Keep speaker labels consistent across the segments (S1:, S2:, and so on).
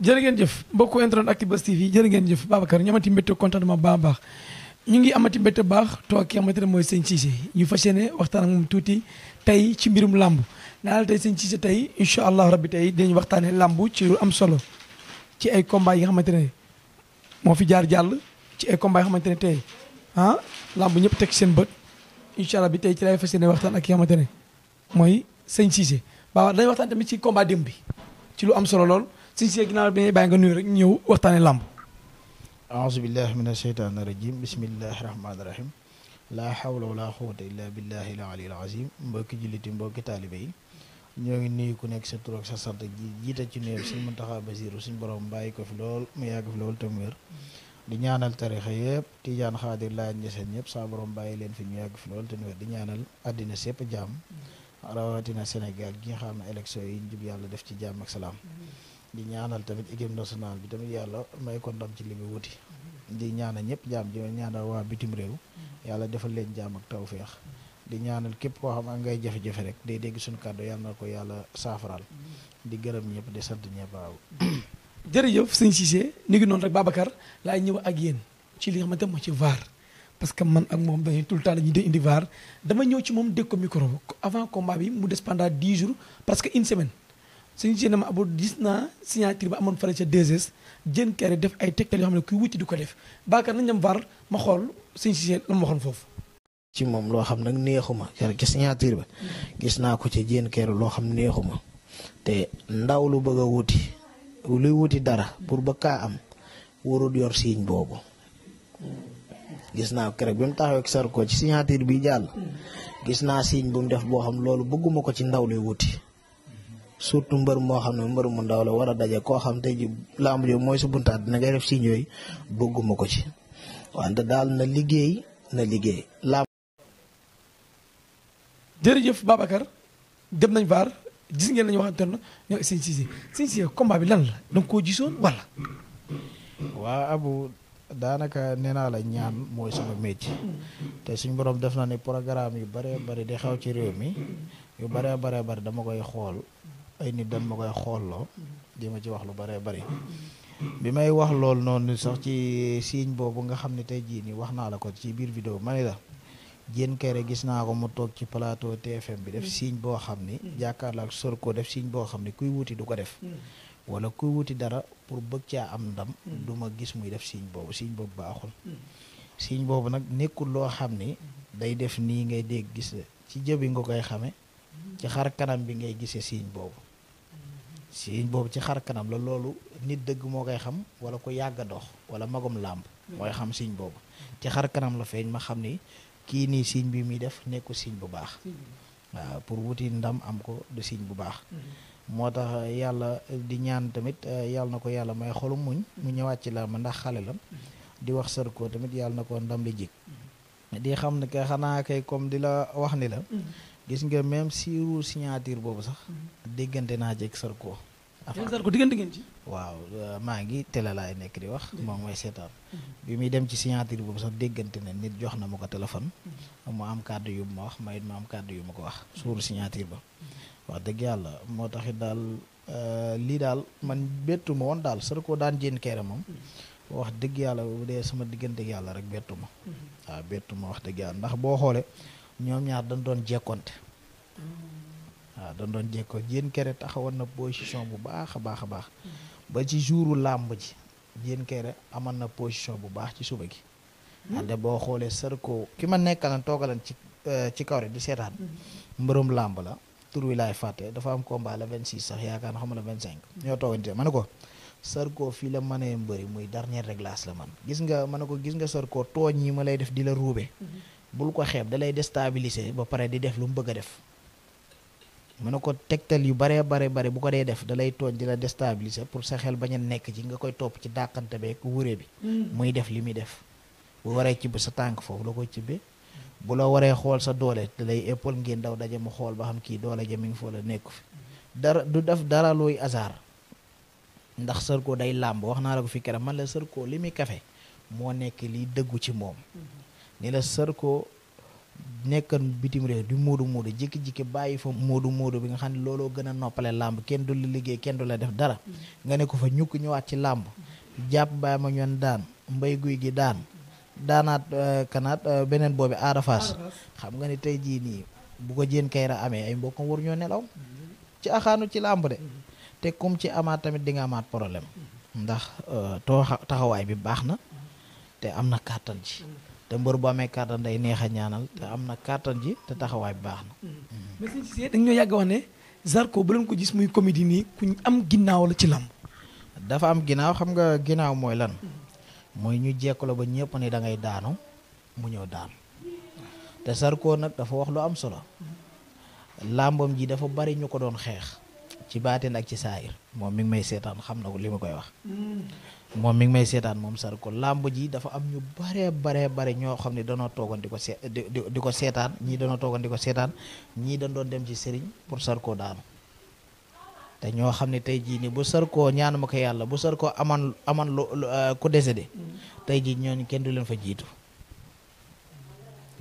S1: jërë ngeen jëf mbokku internet Actubuzz TV jërë ngeen jëf Babacar ñu amati mbégte contentement baax baax ñu ngi amati mbégte baax toog ki amati mooy Sëñ Cissé ñu fas yéene waxtaan ak moom tuuti tey ci mbirum làmb naa la tey Sëñ Cissé tey incha allah rabbi tey dinañ waxtaanee làmb ci lu am solo ci ay combat yi nga xamante ne moo fi jaar jàll ci ay combat yi ah làmb ñëpp teg seen bët incha bi tey ci lay fas yéene waxtaan ak ki xamante ne mooy Sëñ Cissé waaw dañuy waxtaan tamit ci combat démb bi ci lu am solo lool. si see ginnaaw bi dañuy bàyyi nga nuyu rek ñëw waxtaane làmb
S2: aousubillah min asheytaan irajim bismillahi rahmaani rahim laa hawla wala quwata illa billahi al aliyyil azim mbokki julliti mbokki taalibe yi ñoo ngi nuyu ku nekk sa tur ak sa sant ji jiite ci nuyu mun Muntaxa Basiru suñ boroom bàyyi ko fi lool mu yàgg fi lool tam wér di ñaanal tarixa yëpp tijaan xaadir laa ñeseen ñëpp saa borom bàyyi leen fi ñu yàgg fi lool tam wér di ñaanal àddina sépp jàmm rawatina Sénégal gi nga yi yàlla def ci jàmm ak salaam di ñaanal tamit équipe nationale bi tamit yàlla may ko ndam ci li muy wuti di ñaanal ñëpp jaam ji ñaanal waa bitim réew yàlla defal leen jaam ak tawféex di ñaanal képp koo xam ak ngay jafe-jafe rek day dégg suñu kàddu yàlla na ko yàlla saafaraal di gërëm ñëpp di sant ñëpp waaw
S1: jërëjëf sëñ Cissé ni ngi noonu rek Babacar laay ñëw ak yéen ci li xamante moo ci VAR parce que man ak moom dañuy tout le temps indi VAR dama ñëw ci moom dégg ko suñu jënd ma abul gis naa signature ba amoon fële ca jën kere def ay tegtal yoo ne kuy wuti di ko def baakaar nañ dem var
S2: ma xool si la foofu. ci moom loo xam nag neexuma kere ci signature ba gis naa ko ci jën kere loo xam neexuma te ndaw lu bëgg a wuti luy wuti dara pour ba am warul yor signe boobu. gis naa ko keroog bi mu taxawee ak Sarko ci signature bi jàll. gis naa signe bu mu def boo xam loolu bëgguma ko ci ndaw lay wuti. surtout mbër moo xam ne mbër mu ndaw la war a daje koo xam te ji lamb jo mooy su buntaat dina ngay def si ñooy bëgguma ko ci wante daal na liggéey na liggéey lamb jërëjëf
S1: Babacar dem nañ vaar gis ngeen nañu waxante na ñoo Sëñ Cissé Sëñ Cissé combat bi lan la danga koo gisoon wala
S2: waa abu daanaka nee naa la ñaan mooy sama métier te suñ borom def na ni programme yu bëree bëri di xew ci réew mi yu bëree bëree bëri dama koy xool ay nit dañ ma koy xoolloo di ma ci wax lu bëree bëri bi may wax lool noonu sax ci signe boobu nga xam ne tey jii nii wax naa la ko ci biir vidéo ma ne la Diène Kairé gis naa ko mu toog ci plateau TFM bi def signe boo xam ni jàkkaarloo ak Sorko def signe boo xam ni kuy wuti du ko def wala kuy wuti dara pour bëgg caa am ndam duma gis muy def signe boobu signe boobu baaxul signe boobu nag nekkul loo xam ni day def nii ngay dégg gis ci jëbi nga koy xame ci xar kanam bi ngay gisee signe boobu si boobu ci xar kanam la loolu nit dëgg moo koy xam wala ko yàgg dox wala magum làmb mooy xam siñ boobu ci xar kanam la feeñ ma xam ni kii nii siñ bi muy def nekku siñ bu baax waaw pour wuti ndam am ko du siñ bu baax mm-hmm. moo tax yàlla eh, di ñaan tamit eh, yàlla na ko yàlla may xolu muñ mu ñëwaat ci làmb ndax xale la mm-hmm. di wax Zarko tamit yàlla na ko ndam li jik mm-hmm. di xam ne kay xanaa kay comme di la wax ni la gis nga même siiru signature boobu sax. Mhm. déggante naa jeeg Sarko.
S1: affaire Sarko diggante ngeen ci.
S2: waaw euh, maa ngi télé nekk di wax. moom mooy seetaan. Mhm. bi muy dem ci signature boobu sax déggante na nit jox na ma ko téléphone. Mhm. mu am kàdd yu ma wax mayit ma am kàddu yu ma ko wax. suuru signature ba. wax dëgg yàlla moo taxit daal euh, lii daal man bettu ma woon daal ko daan jéen kere moom. wax dëgg yàlla bu dee sama diggante yàlla rek bettu ma. waaw bettu ma wax dëgg yàlla ndax boo xoolee. ñoom ñaar dañ doon jekkonte waaw dañ doon jekkoo jéen kere taxawoon na position bu baax a baax a baax ba ci jouru làmb ji jéen kere amoon na position bu baax ci suba gi wante boo xoolee Zarko ki ma nekkalan toogalan ci euh, ci kaw rek di seetaan mbërum làmb la tur wi laay fàtte dafa am combat la 26 sax yaakaar na xam cinq 25 ñoo toogante ma ne ko Zarko fii la mënee mbëri muy dernier réglage la man gis nga ma ne ko gis nga Zarko tooñ yi ma lay def di la ruube bul ko xeeb dalay lay ba pare di def lu mu bëgg a def mu ne ko tegtal yu baree bare bare bu ko dee def da lay tooñ di la déstabiliser pour sa xel bañ nekk ci nga koy topp ci dàqante beeg wure bi. Mm. muy def li muy def bu waree cibbi sa tànk foofu la koy cibbee bu la waree xool sa doole da lay épaule ngeen daw daje mu xool ba xam kii doole ja ngi foo la nekku fi dara du def dara looy hasard ndax Zarko day làmb wax naa la ko fi keroog man la Zarko li muy kafe moo nekk liy dëggu ci moom. Mm-hmm. ni la Zarko nekkan bitim réew di moodu moodu jékki-jékki bàyyi fa moodu moodu bi nga xam ne looloo gën a noppale làmb kenn du la liggéey kenn du la def dara mm-hmm. nga ne ko fa ñukk ñëwaat ci làmb mm-hmm. jàpp bàyyi ma daan mbay guy gi daan daanaat euh, kanaat euh, beneen boobi Ada xam nga ne tey jii nii bu ko jéen kayra amee ay mbokkam war ñoo nelaw mm-hmm. ci axaanu ci làmb de te comme ci amaat tamit di nga amaat problème ndax euh, too taxawaay bi baax na te am na kàttan ci te mbër bu amee kàttan day neex a ñaanal te am na kàttan ji te taxawaay bu baax na. Mm-hmm. mais sëñ yàgg wax ne Zarko bu leen ko gis muy comédie nii kuñ am ginnaaw la ci lamb. dafa am ginnaaw xam nga ginnaaw mooy lan. Mm-hmm. mooy ñu jekku ba ñëpp ne dangay ngay daanu mu ñëw daan te sarko nag dafa wax lu am solo.
S3: Mm-hmm.
S2: làmbam ji dafa bari ñu ko doon xeex. ci baatin ak ci saayir moom mi may seetaan xam na ko li ma koy wax. moom mi ngi may seetaan moom Sarko làmb ji dafa am ñu bare bare bare ñoo xam ne danoo toogoon di ko see di ko seetaan ñii danoo toogoon di ko seetaan ñii dañ doon dem ci sëriñ pour Sarko daanu te ñoo xam ne tey jii nii bu Sarko ñaanu ma ko yàlla bu Sarko aman aman lu euh, ku de tey jii ñooñu kenn du leen fa jiitu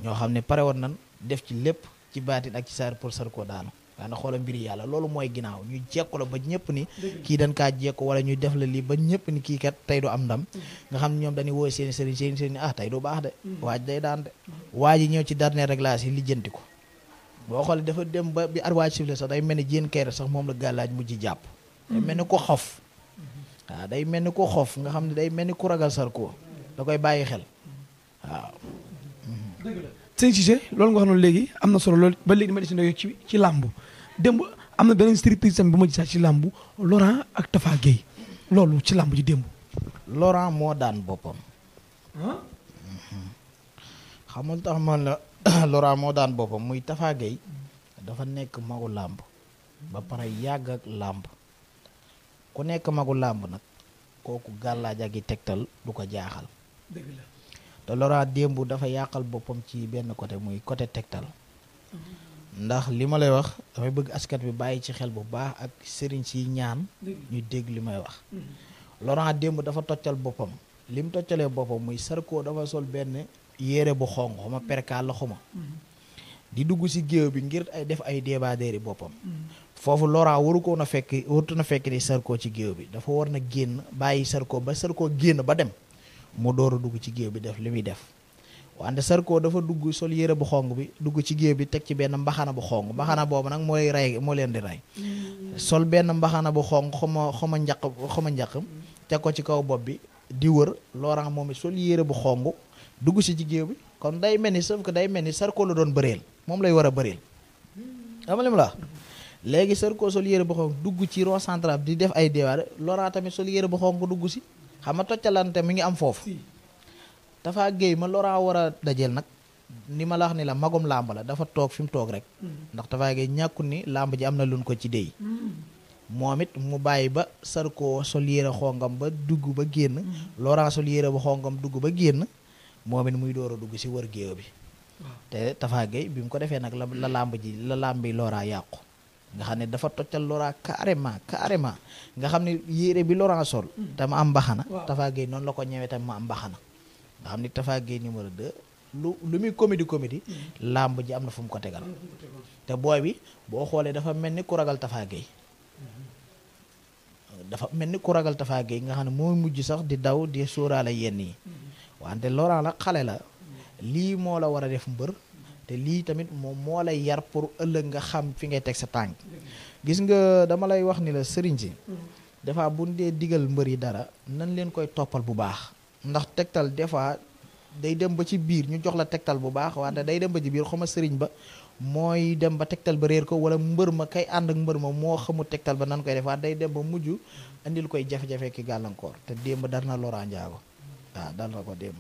S2: ñoo xam ne pare woon nan def ci lépp ci baatin ak ci saar pour Sarko daanu daana xoola mbiri yàlla loolu mooy ginnaaw ñu jekku la ba ñëpp ni kii dañ kaa jekku wala ñu def la lii ba ñëpp ni kii kat tey du am ndam mm-hmm. nga xam ne ñoom dañuy wooy seen sëriñ seen sëriñ ah tey du baax de mm-hmm. waaj day daan de mm-hmm. waaj yi ñëw ci dernier réglage yi lijjanti ko boo xoolee dafa dem ba bi arwaaj sifle sax day mel ni jéen kayre sax moom la gàllaaj mujj jàpp day mel ni ko xof waaw day mel ni ko xof nga xam ne day mel ni ku ragal sarko da koy bàyyi xel waaw
S1: sëñ Cissé loolu nga wax noonu léegi am na solo loolu ba léegi ma des na ci ci làmb démb am na beneen striptease tamit bu ma gisaat ci làmb Laurent ak Tafa loolu ci làmb ji démb.
S2: Laurent moo daan boppam. xam nga tax man la Laurent moo daan boppam muy Tafa Gueye dafa nekk magu làmb ba pare yàgg ak làmb ku nekk magu làmb nag kooku gàllaaj ak yi tegtal du ko jaaxal. te loraa démb dafa yàqal boppam ci benn côté muy côté tegtal ndax li ma lay wax damay bëgg askat bi bàyyi ci xel bu baax ak sëriñ si ñaan ñu dégg li may wax Laurent démb dafa toccal boppam li mu toccalee boppam muy Sarko dafa sol benn yére bu xonq xuma perkaal la xuma di dugg ci géew bi ngir ay def ay débadeeri boppam foofu Laurent waru ko na fekk warutu na fekk ni Sarko ci géew bi dafa war na génn bàyyi Sarko ba Sarko génn ba dem mu door a dugg ci géew bi def li muy def wante Sarko dafa dugg sol yére bu xong bi dugg ci géew bi teg ci benn mbaxana bu xong mbaxana boobu nag mooy rey moo leen di rey mm. sol benn mbaxana bu xong xama xama njaq xama njaq teg ko ci kaw bopp bi di wër Laurent moom it sol yére bu xong dugg si ci géew bi kon day mel ni sauf que day mel ni Sarko la doon bëreel moom lay war a bëreel mm. xam nga la léegi Sarko sol yére bu xong dugg ci rond central di def ay déwaare Laurent tamit sol yére bu xong dugg si xam nga toccalante mi ngi am foofu. dafa géey ma loraa war a dajeel nag. ni ma la wax ni la magum làmb la dafa toog fi mu toog rek. Mm-hmm. ndax dafa géey ñàkkul ni làmb ji am na luñ ko ci déy. Mm-hmm. moom it mu bàyyi ba Sarko sol yére xongam ba dugg ba génn. Mm-hmm. Laurent sol yére ba xongam dugg ba génn. moom it muy door a dugg si wër géew bi. te Tafa Gueye bi mu ko defee nag la làmb ji la làmbi Laurent yàqu. nga xam ne dafa toccal Laurent carrément carrément nga xam ne yére bi Laurent sol te am mbaxana Tafa Gueye noonu la ko ñëwee tam ma am mbaxana nga xam ne Tafa Gueye numéro 2 lu lu muy comédie comédie mm-hmm. làmb ji am na fu mu ko mm-hmm. te booy bi boo xoolee dafa mel ni ku ragal Tafa mm-hmm. dafa mel ni ku ragal Tafa Gueye nga xam ne mooy mujj sax di daw di sóoraale yenn yi wante Laurent la xale la lii moo la war a def mbër te lii tamit moom moo lay yar pour ëllëg nga xam fi ngay teg sa tànk gis nga dama lay wax ni la sëriñ si des fois bu ñu dee digal mbër yi dara nan leen koy toppal bu baax ndax tegtal des day dem ba ci biir ñu jox la tegtal bu baax wante day dem ba ci biir xama sëriñ ba mooy dem ba tegtal ba réer ko wala mbër ma kay ànd ak mbër ma moo xamu tegtal ba nan koy defaat day dem ba mujj indil koy jafe-jafe ki gàllankoor te démb dal na Laurent Ndiago waaw ko démb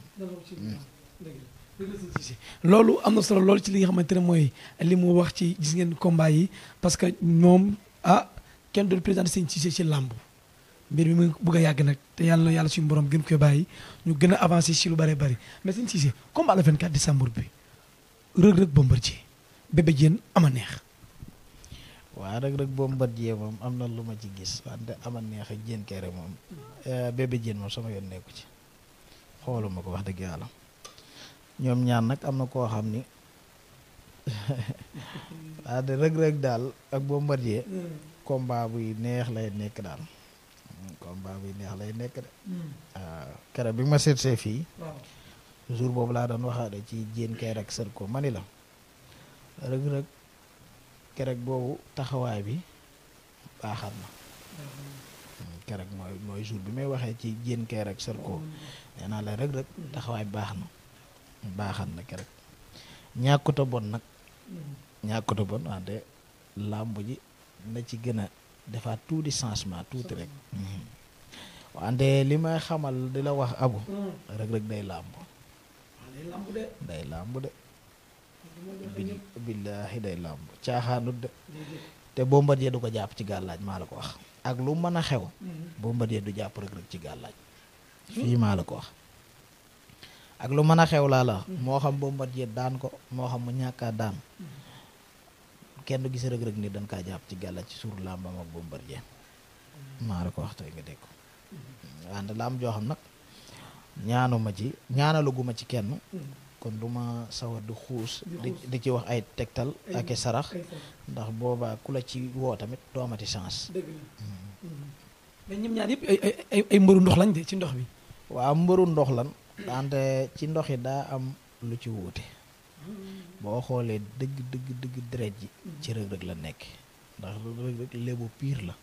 S1: loolu am na solo loolu ci li nga xamante ne mooy li mu wax ci gis ngeen combat yi parce que moom ah kenn doon présenté seen Cissé ci làmb mbir mi mu bugg a yàgg nag te yàlla na yàlla suñu borom gën koy bàyyi ñu gën a avancé ci lu bëree bëri mais seen Cissé combat le di décembre bi Reug Reug Bombardier Bébé am a neex.
S2: waa waaw Reug Reug Bombardier moom am na lu ma ci gis wante ama neex ak Diène Kaïré moom eh, Bébé Diène moom sama yoon nekku ci xooluma ko wax dëgg yàlla. ñoom ñaan nag am na koo xam ni waa de rëg-rëg daal ak Bombardier mm. combat buy neex lay nekk daal combat buy neex lay nekk de waaw mm. ah, bi ma seet seetsee fii jour boobu laa doon waxaale ci jéen kay rek sër ko mani la rëg-rëg keroog boobu taxawaay bi baaxal na mm-hmm. mm, keroog mooy mooy jour bi may waxee ci jéen rek sër ko nee naa la rëg-rëg taxawaay baax na baaxal na keroog ñàkkut a bon nag mm. ñàkkut a bon wante làmb ji na ci gën a defaat tuuti changement tuuti rek. wante li may xamal di la wax abu. Mm. rek rek day làmb. Ah, day làmb de. day caaxaanut de. te Bombardier du ko jàpp ci gàllaaj maa la ko wax. ak lu mën a xew. Mm. Bombardier du jàpp rek rek ci gàllaaj. fii maa la ko wax. ak lu mën a xew laa la moo xam boobu mat yéen daan ko moo xam mu ñàkkaa daan kenn du gis rëg-rëg ni dañ kaa jàpp ci gàlla ci suur làmbam ak boobu mat yéen maa la ko wax tey nga dégg ko ànd làmb joo xam nag ñaanuma ci ñaanaluguma ci kenn kon du ma sawar di xuus di ci wax ay tegtal ak i sarax ndax boobaa ku la ci woo tamit doo amati chance mm-hmm. Mm-hmm. mais ay ay ndox lañ de ci ndox bi waaw mbëru ndox lan wante ci ndox yi daa am lu ci wuute boo xoolee dëgg dëgg dëgg deret ji ci rëg-rëg la nekk ndax rëg-rëg lébu piir la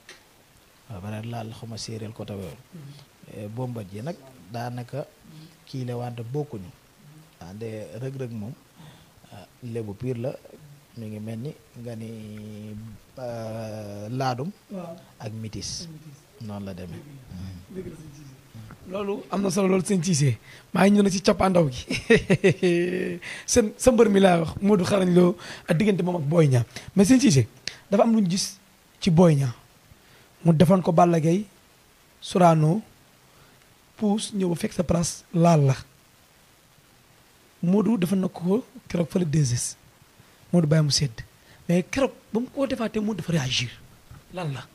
S2: waaw bare laal xama séeréel ko tawewoon eh, bombat ji nag daanaka kii la wante bokkuñu wante rëg-rëg moom ah, lébu piir la mu ngi mel ni nga ni ah, laadum ak mitis noonu la demee
S1: loolu am na solo loolu sëñ Cissé maa ngi ñëw na ci cappaandaw gi seen sa mbër mi laay wax Modou Xarañ loo ak diggante moom ak booy Niang mais sëñ Cissé dafa am lu ñu gis ci booy Niang mu defoon ko Balla Gaye Sorano puus ñëw ba fekk sa place laal la Modou defoon na ko keroog fële déses Modou bàyyi mu sedd mais keroog ba mu ko defaatee Modou dafa réagir
S2: lan la.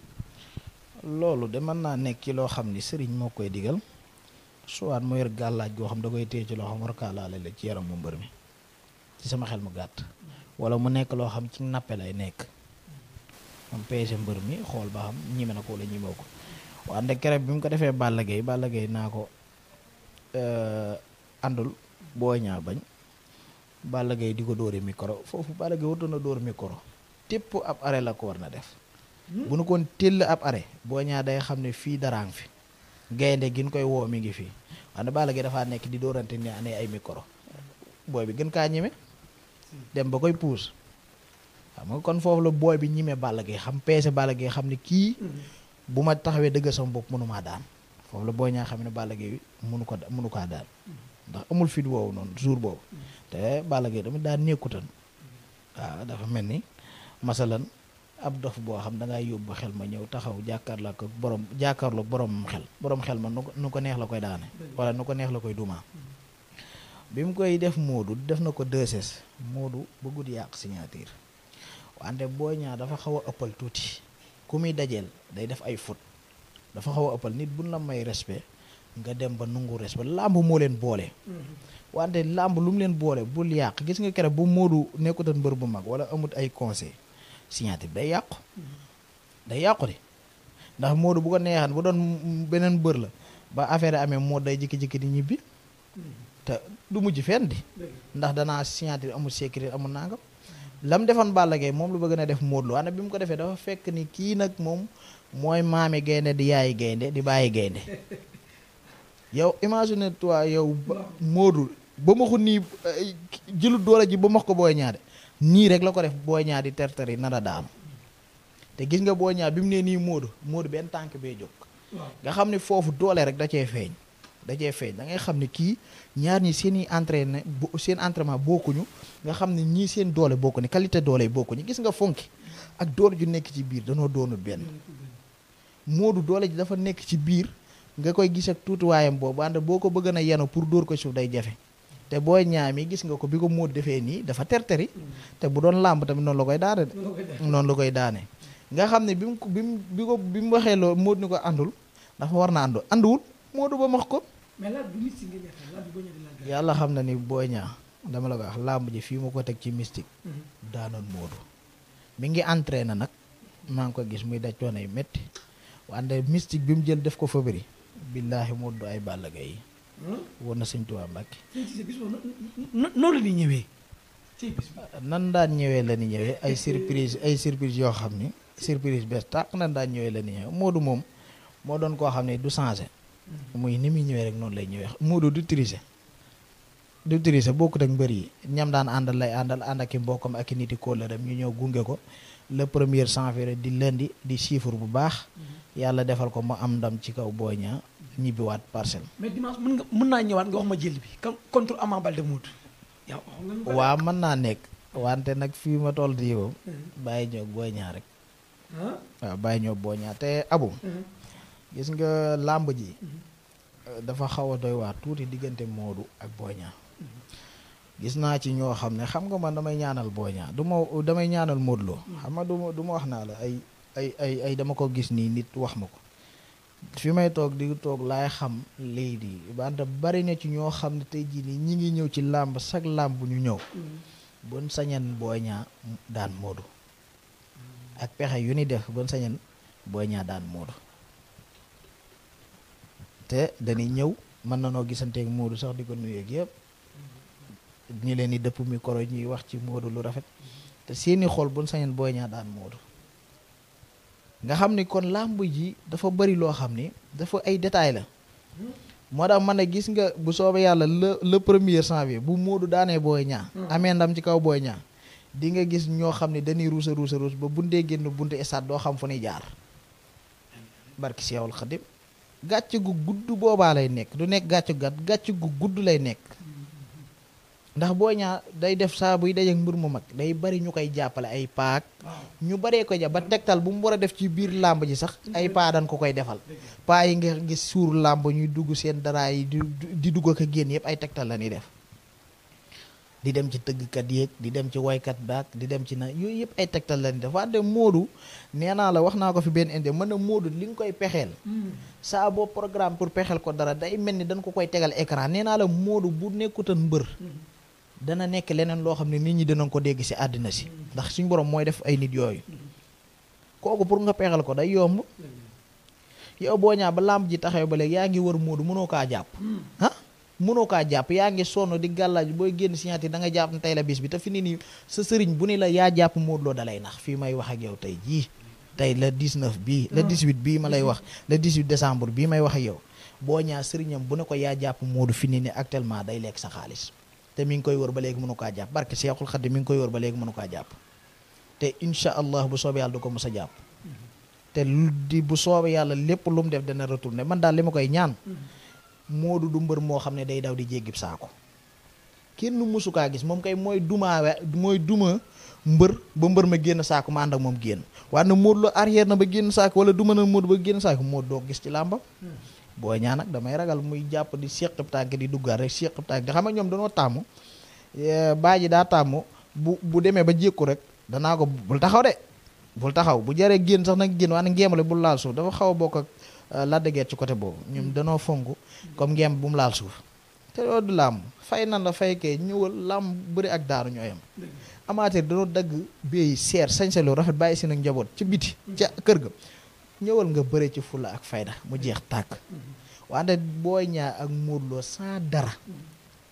S2: loolu de mën naa nekk ki loo xam ni sëriñ moo koy digal. suwaat mu yor gàllaaj goo xam da koy téye ci loxoom war kaa laale la ci yaram mu mbër mi ci sama xel mu gàtt wala mu nekk loo xam ci nappe lay nekk moom peese mbër mi xool ba xam ñime na ko wala ñimew ko wante keroog bi mu ko defee Balla Gaye Balla Gaye naa ko euh, àndul boo ñaar bañ Balla Gaye di ko dóori micro foofu Balla Gaye warutoon na dóor micro tépp ab arrêt la ko war na def hmm? bu nu koon téll ab arrêt boo ñaar day xam ne fii daraa fi gaynde gin koy woo mi ngi fii wante Balla Gaye dafaa nekk di dóorante ne anee ay micro booy bi gën kaa ñeme dem ba koy puus xam nga kon foofu la booy bi ñime bala Gaye xam peese bala Gaye xam ne kii bu ma taxawee dëgg sama bopp mënumaa daan foofu la booy ñaa xam ne bala Gaye mënu ko mënu kaa daan ndax amul fit woowu noonu jour boobu te Balla Gaye tamit daan nekkutan waaw dafa mel ni masalan ab dof boo xam da ngay yóbbu xel ma ñëw taxaw jàkkaarloo borom jàkkaarloo borom xel borom xel ma nu ko neex la koy daane wala nu ko neex la koy dumaa bi mu koy def moodu def na ko dëses moodu bëggut yàq signature wante boo ñaa dafa xaw a ëppal tuuti ku muy dajeel day def ay foot dafa xaw a ëppal nit buñ la may respect nga dem ba nungu respect làmb moo leen boole wante làmb lu mu leen boole bul yàq gis nga kere bu moodu nekkutoon mbër bu mag wala amut ay conseil bi day yàqu day yàqu de ndax Modou bu ko neexan bu doon beneen bër la ba affaire amee Modou day jikki-jikki di ñibbi te du mujj fenn di ndax danaa signature amul sécurité amul nangam lam defoon Balla Gaye moom lu bëgg na def Modou Lo ana bi mu ko defee dafa fekk ni kii nag moom mooy maami gaynde di yaayi gaynde di bàyyi gaynde yow imagine toi yow moodu ba ma ko nii eh, jëlu doole ji ba max ko booy ñaare nii rek la ko def booy ñaa di yi nara daanu te gis nga booy ñaar bi mu nee nii Modou Modou benn tànk bee jóg. nga xam ne foofu doole rek da cee feeñ. da cee da ngay xam ne kii ñaar ñi seen i entraîné seen entraînement bokkuñu nga xam ne ñii seen doole bokkuñu qualité doole yi bokkuñu gis nga fonki ak doole ju nekk ci biir danoo doonul benn. Modou doole ji dafa nekk ci biir nga koy gis ak tuutiwaayam boobu ànd boo ko bëgg na yenu pour dóor ko suuf day jafe. te booy ñaa ñaami gis nga ko bi ko muur defee nii dafa terteri te bu doon làmb tamit noonu la koy daane noonu la koy daane nga xam ne bi mu bi mu bi ko bi mu waxee loolu Modou ni ko àndul dafa war na àndu ànduwul Modou ba max ko xam na ni booy ñaa dama la ko làmb ji fii mu ko teg ci mystique mhm. daanoon Modou mi ngi na nag maa ngi ko gis muy daj coono yu métti wante mystique bi mu jël def ko fa bëri billaahi Modou ay bàllagay yi woon na sëñ Tuubaa Mbàkke noonu la ñëwee ah, nan daan ñëwee la ñuy ñëwee ay surprise ay surprise yoo xam ni surprise bees tàq nan daan ñëwee la ñuy ñëwee Moodu moom moo doon koo xam ne du changé mm-hmm. muy ni muy ñëwee rek noonu lay ñëwee Moodu du triché du triché bokkut ak mbër yi ñam daan àndal lay àndal ànd ak i mbokkam ak i niti kóllëram ñu ñëw gunge ko le premier janvier di lundi di chiffre bu baax. Mhm. yàlla defal ko ma am ndam ci kaw Boy Niang ñibbiwaat parcelle.
S1: mais mën naa ñëwaat nga ma jël bi kan contre Ama
S2: mën naa nekk. wante nag fi ma toll di yow. Mhm. bàyyi ñëw Boy Niang rek. waaw bàyyi ñëw Boy te abu mhm. gis nga làmb ji. dafa xaw a doy waar tuuti diggante Modou ak Boy gis naa ci ñoo xam ne xam nga man damay ñaanal Boy Niang du damay ñaanal Modou Lo xam ma du ma wax naa la ay ay ay ay dama ko gis nii nit wax ma ko fi may toog di toog laay xam léegi di wante bari na ci ñoo xam ne tey jii nii ñi ngi ñëw ci làmb sag làmb bu ñu ñëw mm. bon sañan Boy daan Modou ak pexe yu ni def bon sañan Boy Niang daan Modou te dañuy ñëw mën na noo gisanteeg Modou sax di ko nuyu yépp ñi leen di dëpp micro ñuy wax ci Modou lu rafet te seeni xol buñ sañoon booy Niang daan Modou nga xam ni kon làmb ji dafa bari loo xam ni dafa ay détails la moo daa mën a gis nga bu soobee yàlla le le premier janvier bu Modou daanee booy Niang hmm. amee ndam ci kaw booy Niang di nga gis ñoo xam ne dañuy ruusa ruusa ruus ba buntee génn buntu stade doo xam fu ñuy jaar barki Seexul Xadim gàcc gu gudd boobaa lay nekk du nekk gàcce gu gàcc gu gudd lay nekk ndax boo ñaa day def saa buy dajeek mbir mu mag day bari ñu koy jàppale ay paak ñu baree ko ja ba tegtal bu mu war a def ci biir làmb ji sax ay paa dañ ko koy defal paa yi nga suur làmb ñuy dugg seen dara yi di dugg génn yëpp ay tegtal la ñuy def di dem ci tëggkat yéeg di dem ci woykat baak di dem ci na yooyu yëpp ay tegtal la ñuy def wante Modou nee naa la wax naa ko fi benn indi mën na Modou li nga koy pexeel hmm. saa boo pour pexeel ko dara day mel ni dañ ko koy tegal écran nee naa la Modou bu nekkutan mbër hmm. dana nekk leneen loo xam ne nit ñi dinañ ko dégg si àddina si ndax suñu borom mooy def ay nit yooyu kooku pour nga peexal ko day yomb yow boo ñaa ba làmb ji taxaw ba léegi yaa ngi wër Modou mënoo kaa jàpp ah mënoo kaa jàpp yaa ngi sonn di gàllaaj booy génn signature da nga jàpp tey la bis bi te fi ni nii sa bu ni la yaa jàpp Modou Lo dalay nax fii may wax ak yow tey jii tey le 19 bii le 18 mm. bii ma lay wax le 18 décembre bii may wax yow boo ñaa sëriñam bu ne ko yaa jàpp Modou fi ni ne actuellement day lekk sa xaalis te mi ngi koy wër ba léegi mënu kaa jàpp barke Seexul Xadim mi ngi koy wër ba léegi mënu kaa jàpp te incha allah bu soobee yàlla ko mës a jàpp bu soobee yàlla lépp lu mu def dana ne man daal li ma koy ñaan moo du mbër moo xam ne day daw di jéggib saako kenn mësu kaa gis moom kay mooy dumaawe mooy duma mbër ba mbër ma génn saako ma ànd ak moom génn waaye nag Modou Lo arrière na ba génn saako wala duma na Modou ba génn saako moo doo gis ci làmbam booy ñaa nag damay ragal muy jàpp di seqib tànk di duggaat rek seqib tànk xam nga ñoom dañoo tàmm baa ji daa tàmm bu bu demee ba jékku rek danaa ko bu taxaw de bul taxaw bu jaree génn sax nag génn waane ngeemale bu laal suuf dafa xaw a bokk ak euh, laddegeet ci côté boobu ñoom danoo fonk comme ngeem bu mu laal suuf te loolu du làmb fay na la faykee ñëwal làmb bëri ak daaru ñooyam amateur danoo dagg béy seer sañse lu rafet bàyyi si nag njaboot ci biti ca kër ga ñëwal nga bëre ci fula ak fayda mu jeex tàkk wante booy Niang ak Modou Lo sans dara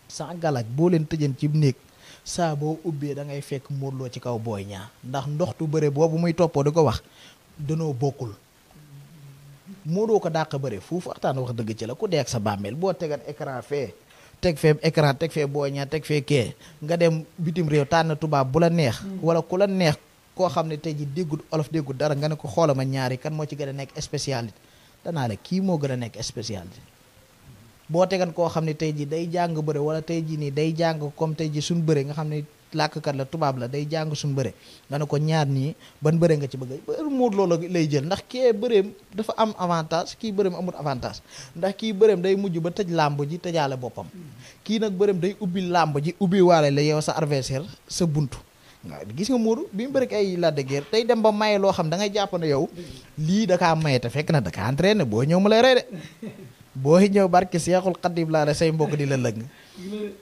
S2: sans galak boo leen tëjeen ci néeg saa boo ubbee da ngay fekk Modou ci kaw booy ñaa ndax ndoxtu bëre boobu muy toppoo di ko wax danoo bokkul Modou ko dàq bëre foofu waxtaan wax dëgg ci la ku dee ak sa bàmmeel boo tegan écran fee teg fee écran teg fee Boy Niang teg fee kee nga dem bitim réew tànn tubaab bu la neex mm. wala ku la neex koo xam ne tey ji déggut olof déggut dara nga ne ko xoolama ñaari kan moo ci gën a nekk spécialité danaa la kii moo gën a nekk spécialité boo tegan koo xam ne tey ji day jàng bëre wala tey ji nii day jàng comme tey ji suñ bëre nga xam ne làkkkat la tubaab la day jàng suñ bëre nga ne ko ñaar nii ban bëre nga ci bëgg bëre Modou Lo loolu lay jël ndax kii bëreem dafa am avantage kii bëreem amul avantage ndax kii bëreem day mujj ba tëj làmb ji tëjaale boppam kii nag bëreem day ubbi làmb ji ubbi waale la yow sa adversaire sa buntu waaw gis nga Modou bi mu bëri ay Lac de tey dem ba maye loo xam da ngay jàpp ne yow lii da kaa maye te fekk na da kaa entraîné boo ñëw mu lay rey de boo ñëw barki Seexul Xadiim laa say mbokk di la lëng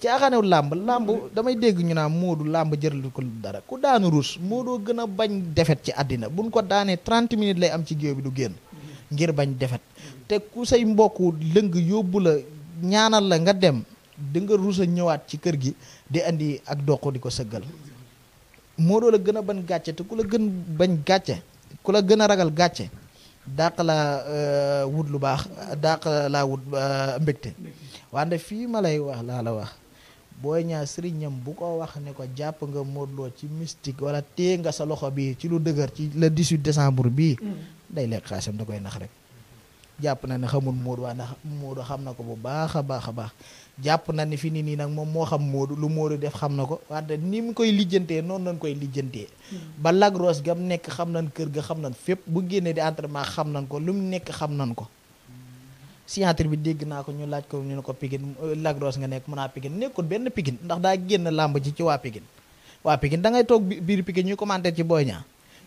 S2: caaxaanewul làmb làmb damay dégg ñu naa Modou làmb jëral ko dara ku daanu ruus Modou gën a bañ defet ci àddina bu buñ ko daanee 30 minutes lay am ci géew bi du génn ngir bañ defet te ku say mbokk lëng yóbbu la ñaanal la nga dem di nga a ñëwaat ci kër gi di andi ak doq di ko sëggal Modou la gën a ban gàcce te ku la gën bañ gàcce ku la gën a ragal gàcce dàq laa euh, wut lu baax dàq laa wut euh, mbégte wante fii ma lay wax laa la wax booy ñaar sëriñam bu ko wax ne ko jàpp nga Modou Lo ci mystique wala téye nga sa loxo bii ci lu dëgër ci le 18 décembre bii mm. day lekk xaasam da koy nax rek jàpp na ne xamul Modou waa ndax xam na ko bu baax a baax a baax jàpp na ni fi ni nii nag moom moo xam Modou lu Modou def xam na ko wante ni mu koy lijjantee noonu lañ koy lijjantee hmm. ba lagros gam nekk xam nañ kër ga xam nañ fépp bu génnee di entraînement xam nañ ko lu mu nekk xam nañ ko scientifique bi dégg naa ko ñu laaj ko ñu ne ko Pikine euh, lagros nga nekk mën naa Pikine nekkul benn Pikine ndax daa génn làmb ji ci waa Pikine waa Pikine da ngay toog biir Pikine ñu commentaire ci booy Niang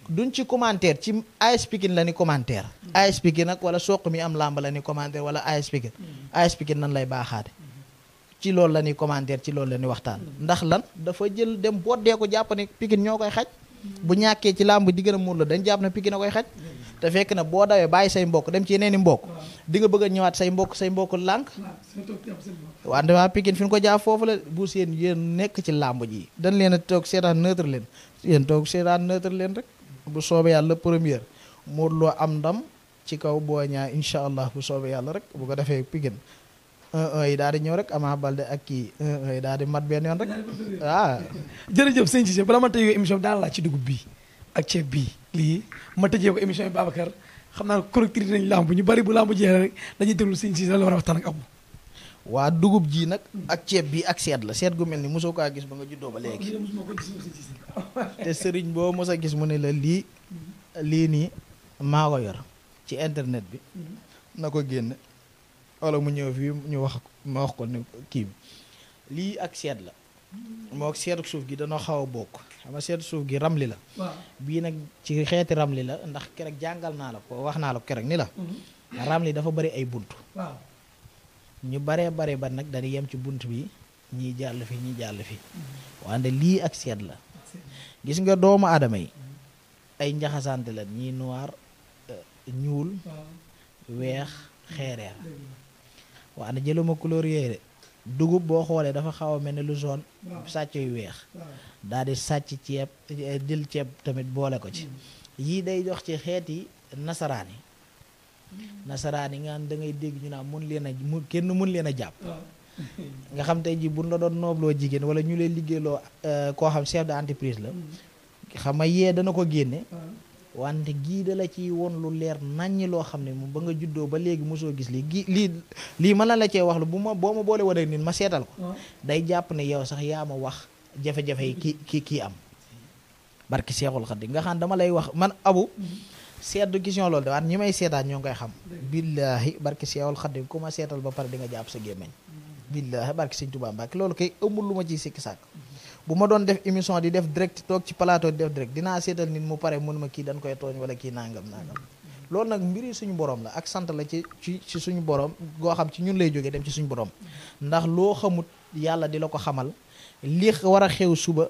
S2: duñ ci commentaire ci AS Pikine la ni commentaire hmm. AS Pikine nag wala soq mi am làmb la ni commentaire wala AS Pikine hmm. AS Pikine lay baaxaate ci loolu la ñuy commentaire ci loolu la ñuy waxtaan ndax lan dafa jël dem boddee ko jàpp ne Pikine ñoo koy xaj bu ñàkkee ci làmb di gën a muur la dañ jàpp ne Pikine a koy xaj te fekk na boo dawee bàyyi say mbokk dem ci yeneen i mbokk di nga bëgg a ñëwaat say mbokk say mbokk lànk wante waa Pikine fi nu ko jàpp foofu la bu seen yéen nekk ci làmb ji dañ leen a toog seetaan neutre leen yéen toog seetaan neutre leen rek bu soobee yàlla première Modou loo am ndam ci kaw Boy Niang incha allah bu soobee yàlla rek bu ko defee Pikine 1-1 euh, euh, yi daal di ñëw rek Ama Balde ak kii 1-1 euh, yi daal di mat benn yoon rek waaw. Ah. jërëjëf sëñ Cissé bala ma tëjee émission bi daal laa ci dugub bi ak ceeb bii
S1: lii ma tëjee ko émission bi Babacar xam naa correctrice nañu làmb ñu bari bu làmb jeexee dañuy déglu sëñ
S2: la a waxtaan ak Abou. dugub ji nag ak ceeb bi ak seet la seet gu mel ni mosoo kaa gis ba nga juddoo ba léegi te sëriñ boo mos a gis mu ne la lii lii nii maa yor ci internet bi na ko génn wala mu ñëw fii ñu wax ma wax ko ne kii lii ak seet la moo ak seetu suuf gi danoo xaw a bokk xam seet suuf gi ramli la bii nag ci xeeti ramli la ndax keroog jàngal naa la ko wax naa la ko keroog ni la mhm. ramli dafa bari ay bunt ñu baree bari ba nag dañuy yem ci bunt bi ñii jàll fi ñii jàll fi mhm. wante lii ak seet la gis nga doomu aadama yi ay njaxasante la ñii noir euh, ñuul weex xeereer waa ne jëluma couleur yooyu dugub boo xoolee dafa xaw a mel ne lu jaune sàcc yu weex daal di sàcc ceeb eh, jël ceeb tamit boole ko ci mm. yii day jox ci xeeti nasaraan yi mm. nasaraan yi nga xam da dégg ñu naan mun leen a mu kenn mun leen a jàpp nga xam tey ji buñ la doon noobloo jigéen wala ñu lay liggéeyloo eh, koo xam chef d'entreprise la mm. xam ma yee dana ko génne wante gii da la ci won lu leer naññi loo xam ne moom ba nga juddoo ba léegi mosoo gis lii gi lii lii ma la la cee wax lu bu ma boo ma boole woon ak nit ma seetal ko day jàpp ne yow sax yaa ma wax jafe-jafe yi ki ki kii am barki seexul xaddi nga xam dama lay wax man abu seetlu question loolu de ñi may seetaan ñoo koy xam billaahi barki seexul xaddi ku ma seetal ba pare di nga jàpp sa gémmiñ mm. billaahi barki sëñ Tuubaa Mbàkke loolu kay ëmbul lu ma ciy sikki sàkk bu ma doon def émission di def direct toog ci palaatoo di def direct dinaa seetal nit mu pare mun ma kii dan koy tooñ wala kii nangam nangam loolu nag mbiri suñu borom la ak sant la ci ci ci suñu borom goo xam ci ñun lay jógee dem ci suñu borom ndax loo xamut yàlla di la ko xamal li war a xew suba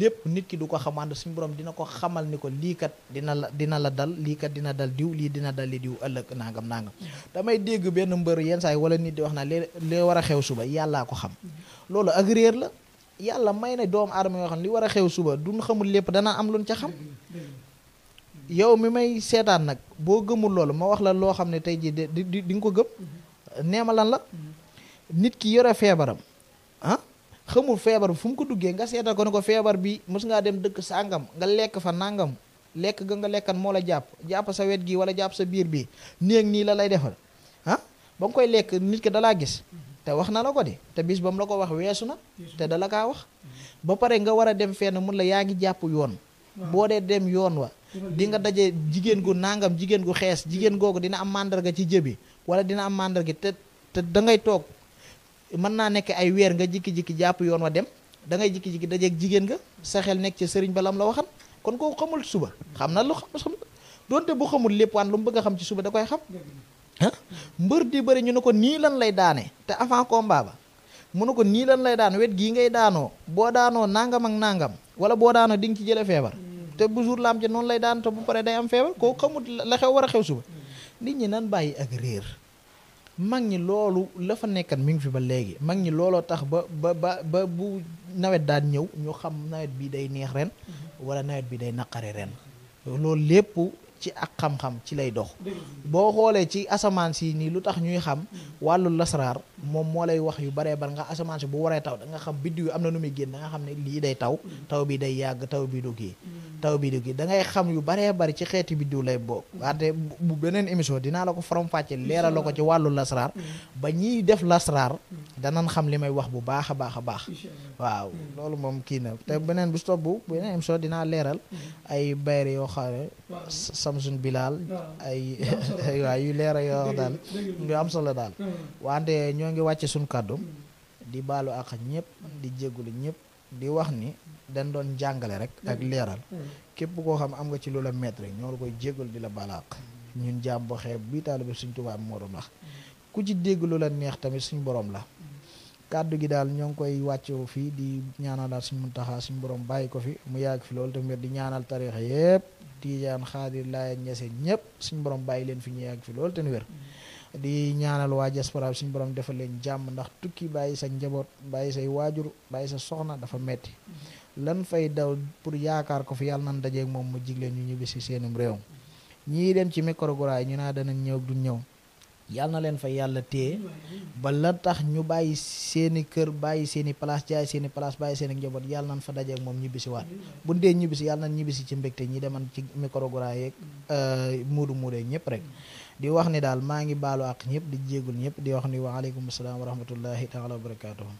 S2: lépp nit ki du ko xamand suñu borom dina ko xamal ni ko lii kat dina la dina la dal lii kat dina dal diw lii dina dal li diw ëllëg nangam nangam damay dégg benn mbër yenn saay wala nit di wax naa lee lee war a xew suba yàllaa ko xam loolu ak réer la yàlla may na doomu aadama yoo xam ne li war a xew suba du xamul lépp danaa am luñ ca xam yow mi may seetaan nag boo gëmul loolu ma wax la loo xam ne tey jii di di di nga ko gëm nee lan la nit ki yore feebaram ah xamul feebar fu mu ko duggee nga seetal ko ne ko feebar bi mës ngaa dem dëkk sàngam nga lekk fa nàngam lekk ga nga lekkan moo la jàpp jàpp sa wet gi wala jàpp sa biir bi nii nii la lay defal ah, ba nga koy lekk nit ki dalaa gis te wax na la ko de te bis ba mu la ko wax weesu na te da la kaa wax ba pare nga war a dem fenn mun la yaa ngi jàpp yoon boo dee dem yoon wa di nga daje jigéen gu nangam jigéen gu xees jigéen googu dina am màndarga ci jëbi wala dina am màndarga te te da ngay toog mën naa nekk ay weer nga jikki-jikki jàpp yoon wa dem da ngay jikki-jikki dajeeg jigéen nga sa xel nekk ci sëriñ balam la waxan kon kooku xamul suba xam na lu xam donte bu xamul lépp waan lu mu bëgg a xam ci suba da koy xam ah mbër di bëri ñu ne ko nii lan lay daane te avant combat ba mu ne ko nii lan lay daan wet gii ngay daanoo boo daanoo nangam ak nangam wala boo daanoo di nga ci jële feebar te bu jour laam ci noonu lay daan te bu pare day am feebar koo xamut la xew war a xew suba nit ñi nan bàyyi ak réer mag ñi loolu la fa nekkat mi ngi fi ba léegi mag ñi looloo tax ba ba ba ba bu nawet daan ñëw ñu xam nawet bi day neex ren mhm. wala nawet bi day naqare ren loolu lépp ci ak xam-xam ci lay dox boo xoolee ci asamaan si nii lu tax ñuy xam wàllu lasraar moom moo lay wax yu bare bar nga asamaan si bu waree taw da nga xam biddiw am na nu muy génn da nga xam ne lii day taw taw bi day yàgg taw bii du kii taw bi gi dangay xam yu baree bari ci xeeti biddiw lay bokk. wante bu beneen émission dinaa la ko faram-fàccee leeral la ko ci wàllu lasraar. Mm-hmm. ba ñiy def lasraar. Mm-hmm. danañ xam li may wax bu baax a baax a baax. waaw mm-hmm. loolu moom kii na te beneen bu stop bu beneen émission dinaa leeral. ay bayre yoo xam ne. Samsun Bilal. ay waaw yu leeral yoo daal yu am solo daal. wante ñoo ngi wàcce suñu kàddu. di baalu ak ñëpp di jégalu ñëpp di wax ni. dañ doon jàngale rek ak mm. leeral mm. képp koo xam am nga ci loola mettre ñoo la koy jégal di la balaaq ñun jaam bi bii taalibe suñ tubaab moo doon wax mm. ku ci dégg loola neex tamit suñ boroom la kàddu gi daal ñoo ngi koy wàccoo fii di ñaanal daal suñ muntaxaa suñ borom bàyyi ko fi mu yàgg fi loolu tamit di ñaanal tariixa yëpp tiijaan xaadir laaya ñese ñëpp suñ borom bàyyi leen fi ñu yàgg fi loolu te wér di ñaanal waa diaspora bi suñu boroom defal leen jàmm ndax tukki bàyyi sa njaboot bàyyi say waajur bàyyi sa soxna dafa metti lan fay daw pour yaakaar ko fi yàlla nan dajeeg moom mu jig ñu ñibbi si seenum réew ñii dem ci microgora yi ñu naa danañ ñëw du ñëw yàlla na leen fa yàlla téye ba la tax ñu bàyyi seeni kër bàyyi seeni place jaay seeni place bàyyi seeni njaboot yàlla nañ fa dajeeg moom ñibbisi waat bu dee ñibbisi yàlla nañ ñibbisi ci mbégte ñi deman ci microgora yeeg euh, muudu muudee ñëpp rek di wax ni daal maa ngi baalu àq ñëpp di jéegul ñëpp di wax ni waaleykum salaam wa rahmatullahi taala wa barakaatuhu